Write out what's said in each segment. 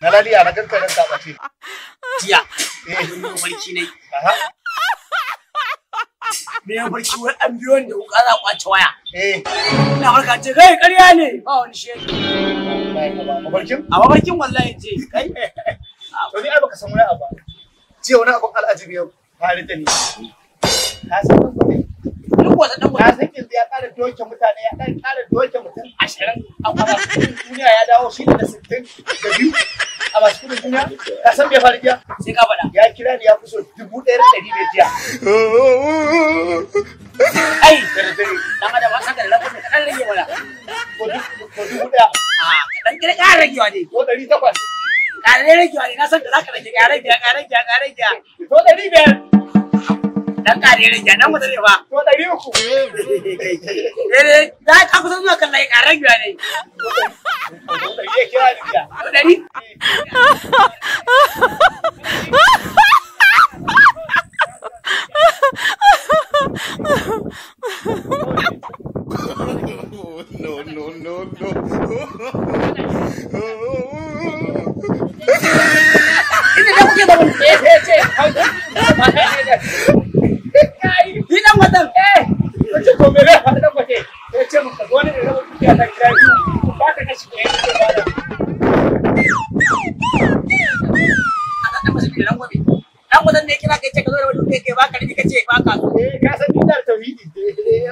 Na laliya na ganka nan kama ce. Jiya. Eh. Barki ne. Me ya barki wai an biyo ni da kuka za kwace waya. Eh. Ina barka ce kai ƙarya ne ba wani shege. Mabarkin? A mabarkin wallahi ce kai. To ni ai baka san wani abu. Jiya wani abun al'ajabi ya faru da ni. Ka san wani ne? Duk wata dan wata. Ka san yanzu ya ƙara doke mutane ya ƙara doke mutum ashirin. amma duniya ya dawo shi da sittin da biyu a masu kudin duniya ka san me faru sai ka faɗa ya kira ni ya fi dubu ɗaya da ɗari bai jiya ai da da kaɗan rage mana ko dubu ɗaya ah, kaɗan kira ƙara ne ko ɗari takwas ƙara ne na san da za ka rage ƙara ƙara ƙara ko ɗari biyar dan kariyar ya nan mutum ne ba no, no, no, no. to me rai har dangote ya ce maka wani da rabu dukiya ta gida biyu ba ta kashi ɗaya ta bada. Dan wajen da ya kira kai ce ka zo da wani dukiya kai baka rigi ka ce baka. Eh ka san ina da tauhidi.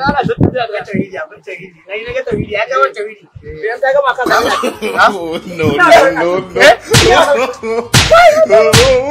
Ana son ina da tauhidi abin tauhidi. Na yi na ga tauhidi ya kawo tauhidi. Idan ta gama ka zama. No no no no. no.